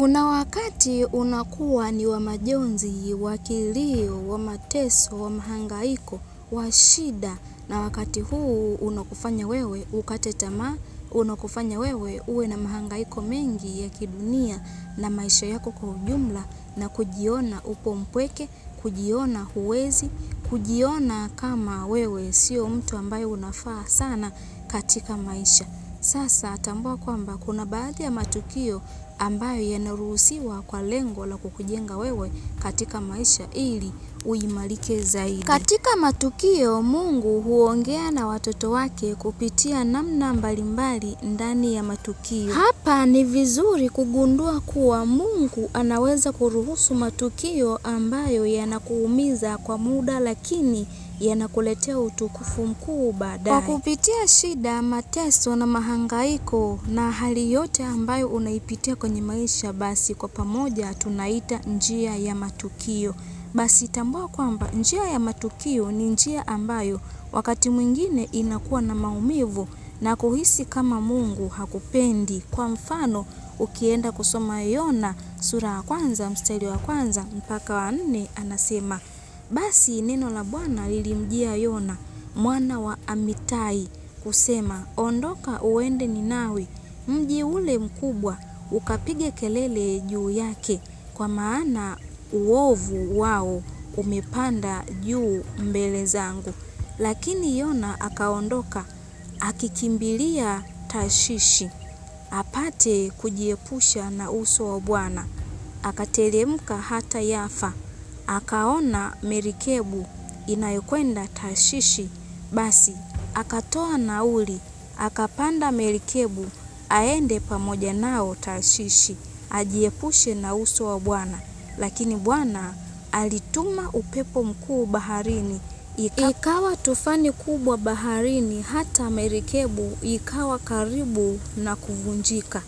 Kuna wakati unakuwa ni wa majonzi, wa kilio, wa mateso, wa mahangaiko, wa shida na wakati huu unakufanya wewe ukate tamaa, unakufanya wewe uwe na mahangaiko mengi ya kidunia na maisha yako kwa ujumla na kujiona upo mpweke, kujiona huwezi, kujiona kama wewe sio mtu ambaye unafaa sana katika maisha. Sasa tambua kwamba kuna baadhi ya matukio ambayo yanaruhusiwa kwa lengo la kukujenga wewe katika maisha ili uimarike zaidi. Katika matukio, Mungu huongea na watoto wake kupitia namna mbalimbali ndani ya matukio. Hapa ni vizuri kugundua kuwa Mungu anaweza kuruhusu matukio ambayo yanakuumiza kwa muda, lakini yanakuletea utukufu mkuu baadaye. Kwa kupitia shida, mateso na mahangaiko na hali yote ambayo unaipitia kwenye maisha, basi kwa pamoja tunaita njia ya matukio. Basi tambua kwamba njia ya matukio ni njia ambayo wakati mwingine inakuwa na maumivu na kuhisi kama Mungu hakupendi. Kwa mfano, ukienda kusoma Yona sura ya kwanza mstari wa kwanza mpaka wa nne anasema basi neno la Bwana lilimjia Yona mwana wa Amitai kusema, ondoka uende Ninawi, mji ule mkubwa, ukapige kelele juu yake, kwa maana uovu wao umepanda juu mbele zangu. Lakini Yona akaondoka akikimbilia tashishi apate kujiepusha na uso wa Bwana. Akateremka hata Yafa, akaona merikebu inayokwenda Tashishi, basi akatoa nauli, akapanda merikebu aende pamoja nao Tarshishi, ajiepushe na uso wa Bwana. Lakini Bwana alituma upepo mkuu baharini, ikawa tufani kubwa baharini, hata merikebu ikawa karibu na kuvunjika.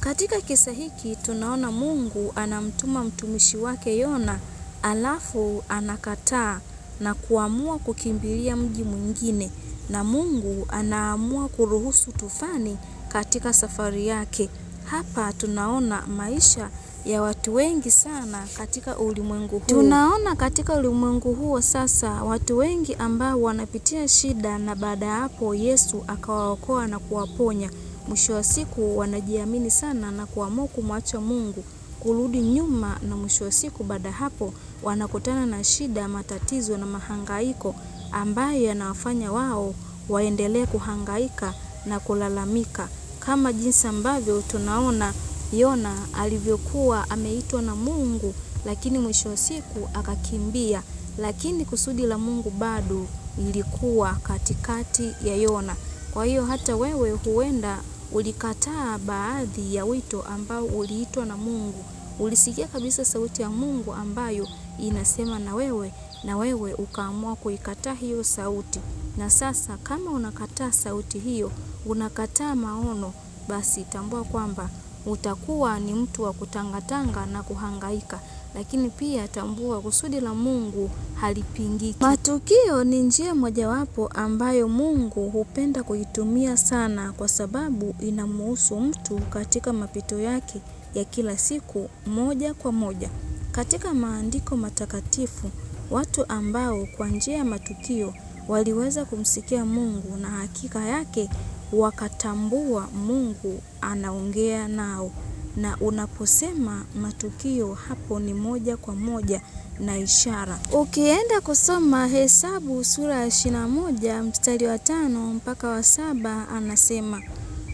Katika kisa hiki tunaona Mungu anamtuma mtumishi wake Yona Alafu anakataa na kuamua kukimbilia mji mwingine na Mungu anaamua kuruhusu tufani katika safari yake. Hapa tunaona maisha ya watu wengi sana katika ulimwengu huu. Tunaona katika ulimwengu huo sasa watu wengi ambao wanapitia shida na baada ya hapo Yesu akawaokoa na kuwaponya. Mwisho wa siku wanajiamini sana na kuamua kumwacha Mungu kurudi nyuma na mwisho wa siku baada ya hapo wanakutana na shida, matatizo na mahangaiko ambayo yanawafanya wao waendelee kuhangaika na kulalamika kama jinsi ambavyo tunaona Yona alivyokuwa ameitwa na Mungu lakini mwisho wa siku akakimbia, lakini kusudi la Mungu bado ilikuwa katikati ya Yona. Kwa hiyo hata wewe huenda Ulikataa baadhi ya wito ambao uliitwa na Mungu. Ulisikia kabisa sauti ya Mungu ambayo inasema na wewe na wewe ukaamua kuikataa hiyo sauti. Na sasa kama unakataa sauti hiyo, unakataa maono, basi tambua kwamba utakuwa ni mtu wa kutangatanga na kuhangaika lakini pia tambua kusudi la Mungu halipingiki. Matukio ni njia mojawapo ambayo Mungu hupenda kuitumia sana, kwa sababu inamuhusu mtu katika mapito yake ya kila siku moja kwa moja. Katika maandiko matakatifu, watu ambao kwa njia ya matukio waliweza kumsikia Mungu na hakika yake wakatambua Mungu anaongea nao na unaposema matukio hapo ni moja kwa moja na ishara. Ukienda kusoma Hesabu sura ya ishirini na moja mstari wa tano mpaka wa saba anasema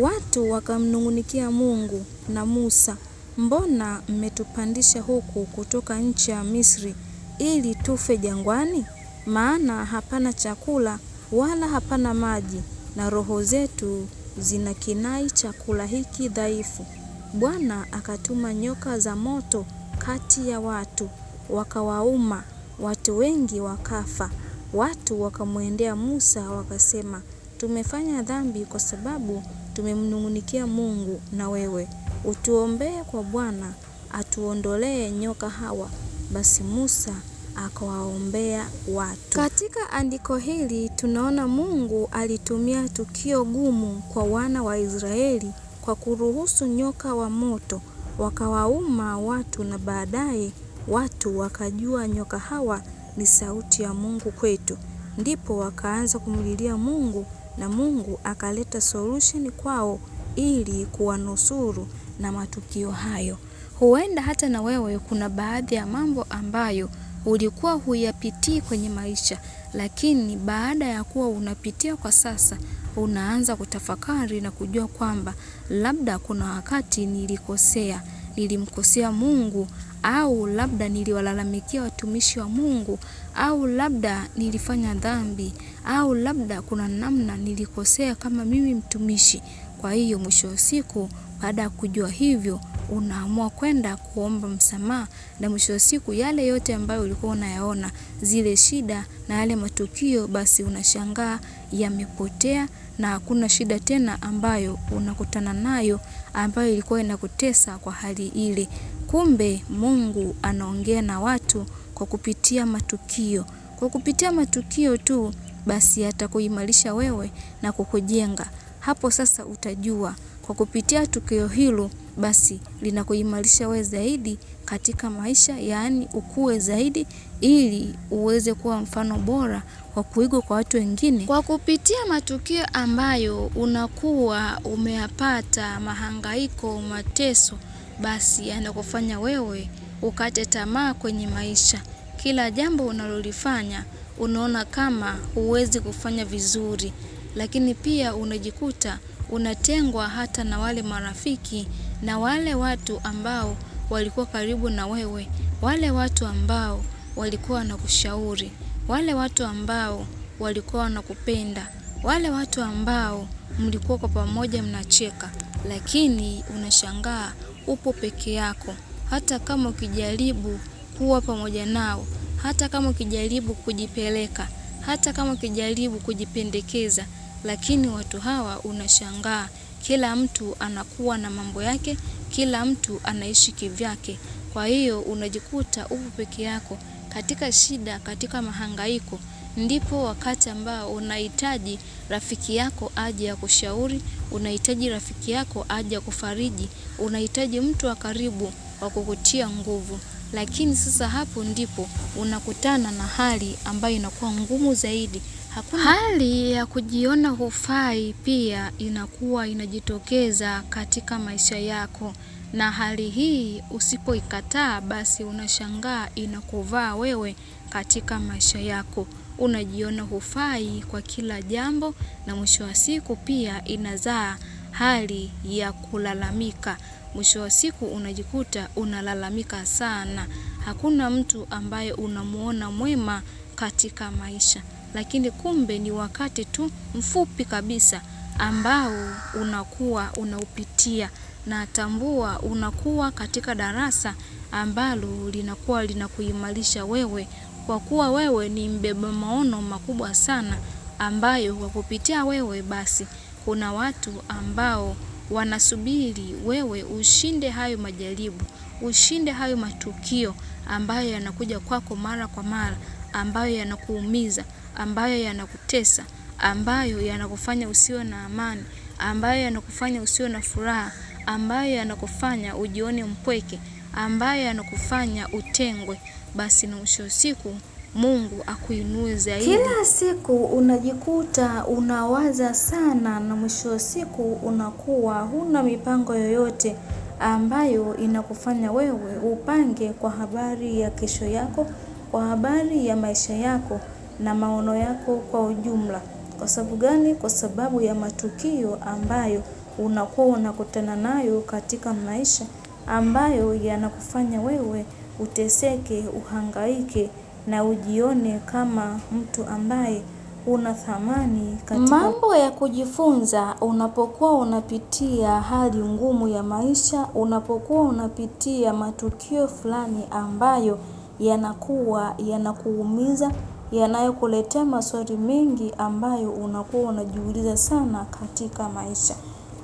watu wakamnung'unikia Mungu na Musa, mbona mmetupandisha huku kutoka nchi ya Misri ili tufe jangwani? Maana hapana chakula wala hapana maji, na roho zetu zina kinai chakula hiki dhaifu. Bwana akatuma nyoka za moto kati ya watu, wakawauma watu wengi wakafa. Watu wakamwendea Musa wakasema, tumefanya dhambi kwa sababu tumemnung'unikia Mungu na wewe, utuombee kwa Bwana atuondolee nyoka hawa. Basi Musa akawaombea watu. Katika andiko hili tunaona Mungu alitumia tukio gumu kwa wana wa Israeli kwa kuruhusu nyoka wa moto wakawauma watu na baadaye watu wakajua nyoka hawa ni sauti ya Mungu kwetu. Ndipo wakaanza kumlilia Mungu na Mungu akaleta solution kwao ili kuwanusuru na matukio hayo. Huenda hata na wewe kuna baadhi ya mambo ambayo ulikuwa huyapitii kwenye maisha, lakini baada ya kuwa unapitia kwa sasa, unaanza kutafakari na kujua kwamba labda kuna wakati nilikosea, nilimkosea Mungu au labda niliwalalamikia watumishi wa Mungu au labda nilifanya dhambi au labda kuna namna nilikosea kama mimi mtumishi. Kwa hiyo mwisho wa siku baada ya kujua hivyo, unaamua kwenda kuomba msamaha, na mwisho wa siku yale yote ambayo ulikuwa unayaona, zile shida na yale matukio, basi unashangaa yamepotea na hakuna shida tena ambayo unakutana nayo ambayo ilikuwa inakutesa kwa hali ile. Kumbe Mungu anaongea na watu kwa kupitia matukio. Kwa kupitia matukio tu basi atakuimarisha wewe na kukujenga hapo sasa utajua kwa kupitia tukio hilo basi linakuimarisha wewe zaidi katika maisha, yaani ukue zaidi ili uweze kuwa mfano bora wa kuigwa kwa watu wengine. Kwa kupitia matukio ambayo unakuwa umeyapata, mahangaiko, mateso, basi yanakufanya wewe ukate tamaa kwenye maisha. Kila jambo unalolifanya unaona kama huwezi kufanya vizuri lakini pia unajikuta unatengwa hata na wale marafiki na wale watu ambao walikuwa karibu na wewe, wale watu ambao walikuwa wanakushauri, wale watu ambao walikuwa wanakupenda, wale watu ambao mlikuwa kwa pamoja mnacheka, lakini unashangaa upo peke yako. Hata kama ukijaribu kuwa pamoja nao, hata kama ukijaribu kujipeleka, hata kama ukijaribu kujipendekeza lakini watu hawa unashangaa, kila mtu anakuwa na mambo yake, kila mtu anaishi kivyake. Kwa hiyo unajikuta upo peke yako katika shida, katika mahangaiko. Ndipo wakati ambao unahitaji rafiki yako aje akushauri, unahitaji rafiki yako aje akufariji, unahitaji mtu wa karibu wa kukutia nguvu. Lakini sasa hapo ndipo unakutana na hali ambayo inakuwa ngumu zaidi. Hakuna... hali ya kujiona hufai pia inakuwa inajitokeza katika maisha yako, na hali hii usipoikataa, basi unashangaa inakuvaa wewe katika maisha yako, unajiona hufai kwa kila jambo, na mwisho wa siku pia inazaa hali ya kulalamika. Mwisho wa siku unajikuta unalalamika sana. Hakuna mtu ambaye unamuona mwema katika maisha lakini kumbe ni wakati tu mfupi kabisa ambao unakuwa unaupitia na tambua unakuwa katika darasa ambalo linakuwa linakuimarisha wewe, kwa kuwa wewe ni mbeba maono makubwa sana, ambayo kwa kupitia wewe basi kuna watu ambao wanasubiri wewe ushinde hayo majaribu, ushinde hayo matukio ambayo yanakuja kwako mara kwa mara, ambayo yanakuumiza ambayo yanakutesa, ambayo yanakufanya usiwe na amani, ambayo yanakufanya usiwe na furaha, ambayo yanakufanya ujione mpweke, ambayo yanakufanya utengwe, basi na mwisho siku Mungu akuinue zaidi. Kila siku unajikuta unawaza sana, na mwisho wa siku unakuwa huna mipango yoyote ambayo inakufanya wewe upange kwa habari ya kesho yako, kwa habari ya maisha yako na maono yako kwa ujumla. Kwa sababu gani? Kwa sababu ya matukio ambayo unakuwa unakutana nayo katika maisha ambayo yanakufanya wewe uteseke, uhangaike na ujione kama mtu ambaye una thamani katika mambo ya kujifunza. Unapokuwa unapitia hali ngumu ya maisha, unapokuwa unapitia matukio fulani ambayo yanakuwa yanakuumiza yanayokuletea maswali mengi ambayo unakuwa unajiuliza sana katika maisha.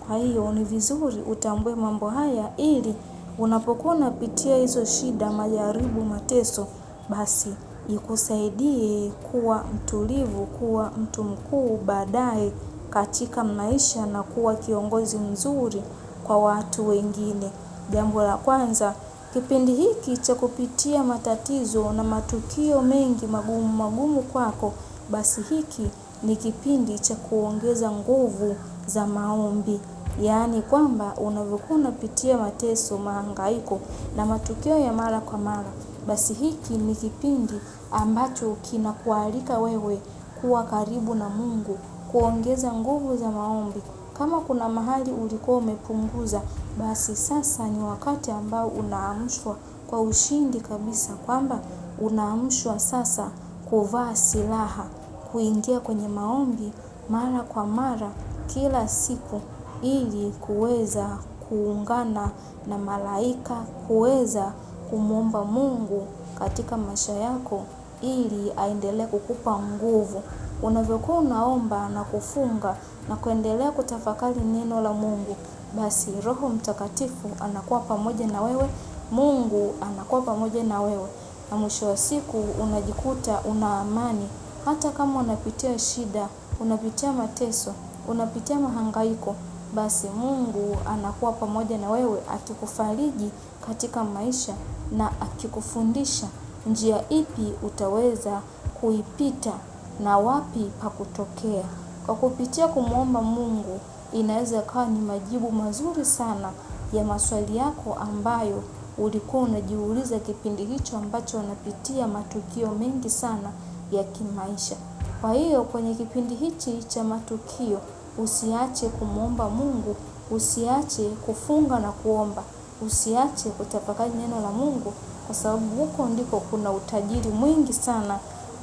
Kwa hiyo ni vizuri utambue mambo haya ili unapokuwa unapitia hizo shida, majaribu, mateso basi ikusaidie kuwa mtulivu, kuwa mtu mkuu baadaye katika maisha na kuwa kiongozi mzuri kwa watu wengine. Jambo la kwanza Kipindi hiki cha kupitia matatizo na matukio mengi magumu magumu kwako, basi hiki ni kipindi cha kuongeza nguvu za maombi. Yaani kwamba unavyokuwa unapitia mateso, mahangaiko na matukio ya mara kwa mara, basi hiki ni kipindi ambacho kinakualika wewe kuwa karibu na Mungu, kuongeza nguvu za maombi. Kama kuna mahali ulikuwa umepunguza basi sasa ni wakati ambao unaamshwa kwa ushindi kabisa kwamba unaamshwa sasa kuvaa silaha, kuingia kwenye maombi mara kwa mara kila siku ili kuweza kuungana na malaika, kuweza kumwomba Mungu katika maisha yako ili aendelee kukupa nguvu. Unavyokuwa unaomba na kufunga na kuendelea kutafakari neno la Mungu, basi Roho Mtakatifu anakuwa pamoja na wewe, Mungu anakuwa pamoja na wewe, na mwisho wa siku unajikuta una amani, hata kama unapitia shida, unapitia mateso, unapitia mahangaiko, basi Mungu anakuwa pamoja na wewe akikufariji katika maisha na akikufundisha njia ipi utaweza kuipita na wapi pa kutokea. Kwa kupitia kumwomba Mungu inaweza ikawa ni majibu mazuri sana ya maswali yako ambayo ulikuwa unajiuliza kipindi hicho ambacho unapitia matukio mengi sana ya kimaisha. Kwa hiyo kwenye kipindi hichi cha matukio usiache kumwomba Mungu, usiache kufunga na kuomba, usiache kutafakari neno la Mungu kwa sababu huko ndiko kuna utajiri mwingi sana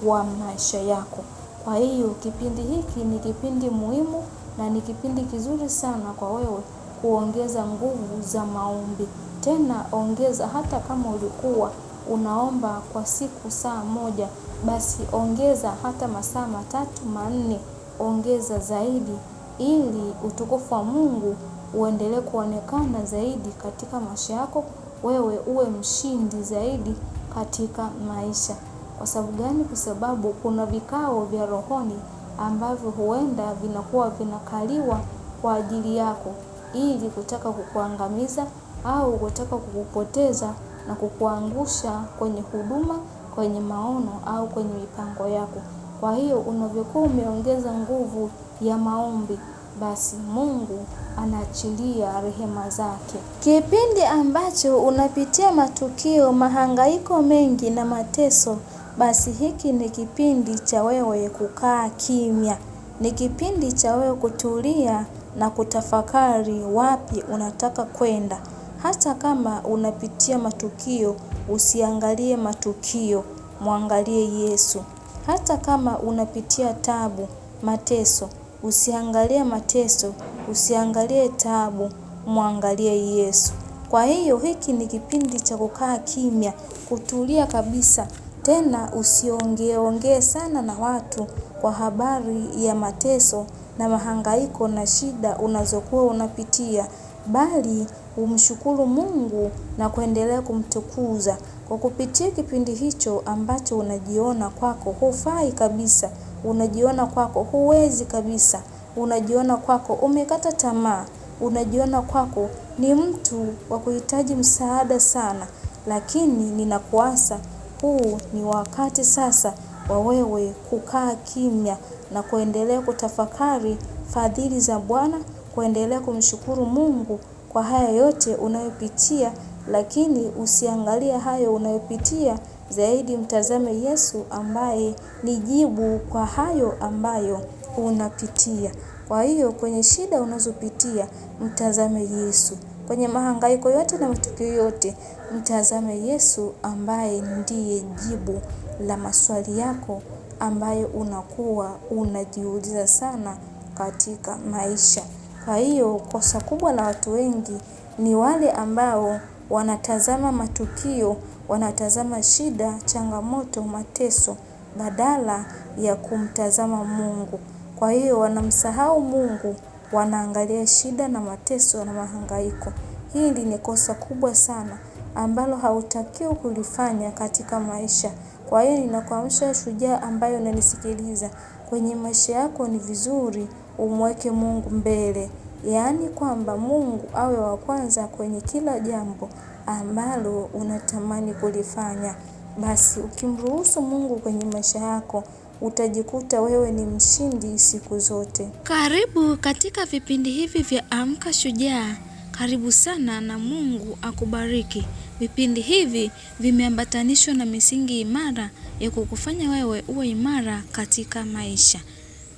wa maisha yako. Kwa hiyo kipindi hiki ni kipindi muhimu na ni kipindi kizuri sana kwa wewe kuongeza nguvu za maombi. Tena ongeza hata kama ulikuwa unaomba kwa siku saa moja, basi ongeza hata masaa matatu manne, ongeza zaidi ili utukufu wa Mungu uendelee kuonekana zaidi katika maisha yako, wewe uwe mshindi zaidi katika maisha. Kwa sababu gani? Kwa sababu kuna vikao vya rohoni ambavyo huenda vinakuwa vinakaliwa kwa ajili yako ili kutaka kukuangamiza au kutaka kukupoteza na kukuangusha kwenye huduma, kwenye maono au kwenye mipango yako. Kwa hiyo unavyokuwa umeongeza nguvu ya maombi, basi Mungu anaachilia rehema zake. Kipindi ambacho unapitia matukio, mahangaiko mengi na mateso basi hiki ni kipindi cha wewe kukaa kimya. Ni kipindi cha wewe kutulia na kutafakari wapi unataka kwenda. Hata kama unapitia matukio, usiangalie matukio, mwangalie Yesu. Hata kama unapitia tabu, mateso, usiangalie mateso, usiangalie tabu, mwangalie Yesu. Kwa hiyo hiki ni kipindi cha kukaa kimya, kutulia kabisa tena usiongeongee sana na watu kwa habari ya mateso na mahangaiko na shida unazokuwa unapitia. Bali umshukuru mungu na kuendelea kumtukuza. Kwa kupitia kipindi hicho ambacho unajiona kwako hufai kabisa. Unajiona kwako huwezi kabisa. Unajiona kwako umekata tamaa. Unajiona kwako ni mtu wa kuhitaji msaada sana. Lakini ninakuasa huu ni wakati sasa wa wewe kukaa kimya na kuendelea kutafakari fadhili za Bwana, kuendelea kumshukuru Mungu kwa haya yote unayopitia, lakini usiangalie hayo unayopitia, zaidi mtazame Yesu ambaye ni jibu kwa hayo ambayo unapitia. Kwa hiyo kwenye shida unazopitia, mtazame Yesu. Kwenye mahangaiko yote na matukio yote Mtazame Yesu ambaye ndiye jibu la maswali yako ambayo unakuwa unajiuliza sana katika maisha. Kwa hiyo kosa kubwa la watu wengi ni wale ambao wanatazama matukio, wanatazama shida, changamoto, mateso badala ya kumtazama Mungu. Kwa hiyo wanamsahau Mungu, wanaangalia shida na mateso na mahangaiko. Hili ni kosa kubwa sana ambalo hautakiwi kulifanya katika maisha. Kwa hiyo ninakuamsha shujaa ambayo unanisikiliza. Kwenye maisha yako ni vizuri umweke mungu mbele. Yaani kwamba mungu awe wa kwanza kwenye kila jambo ambalo unatamani kulifanya. Basi ukimruhusu mungu kwenye maisha yako utajikuta wewe ni mshindi siku zote. Karibu katika vipindi hivi vya amka shujaa. Karibu sana na mungu akubariki. Vipindi hivi vimeambatanishwa na misingi imara ya kukufanya wewe uwe imara katika maisha.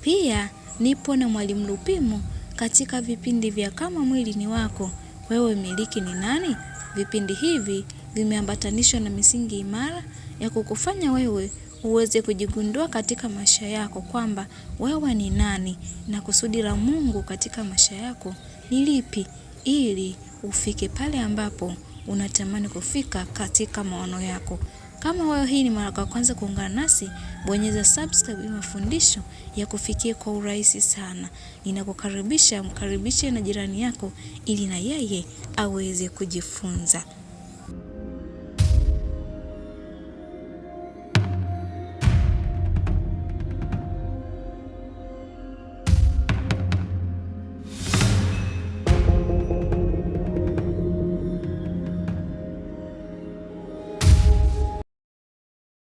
Pia nipo na Mwalimu Lupimo katika vipindi vya kama mwili ni wako, wewe miliki ni nani? Vipindi hivi vimeambatanishwa na misingi imara ya kukufanya wewe uweze kujigundua katika maisha yako kwamba wewe ni nani na kusudi la Mungu katika maisha yako ni lipi ili ufike pale ambapo unatamani kufika katika maono yako. Kama wewe hii ni mara ya kwanza kuungana nasi, bonyeza subscribe ili mafundisho ya kufikia kwa urahisi sana. Ninakukaribisha mkaribishe na jirani yako ili na yeye aweze kujifunza.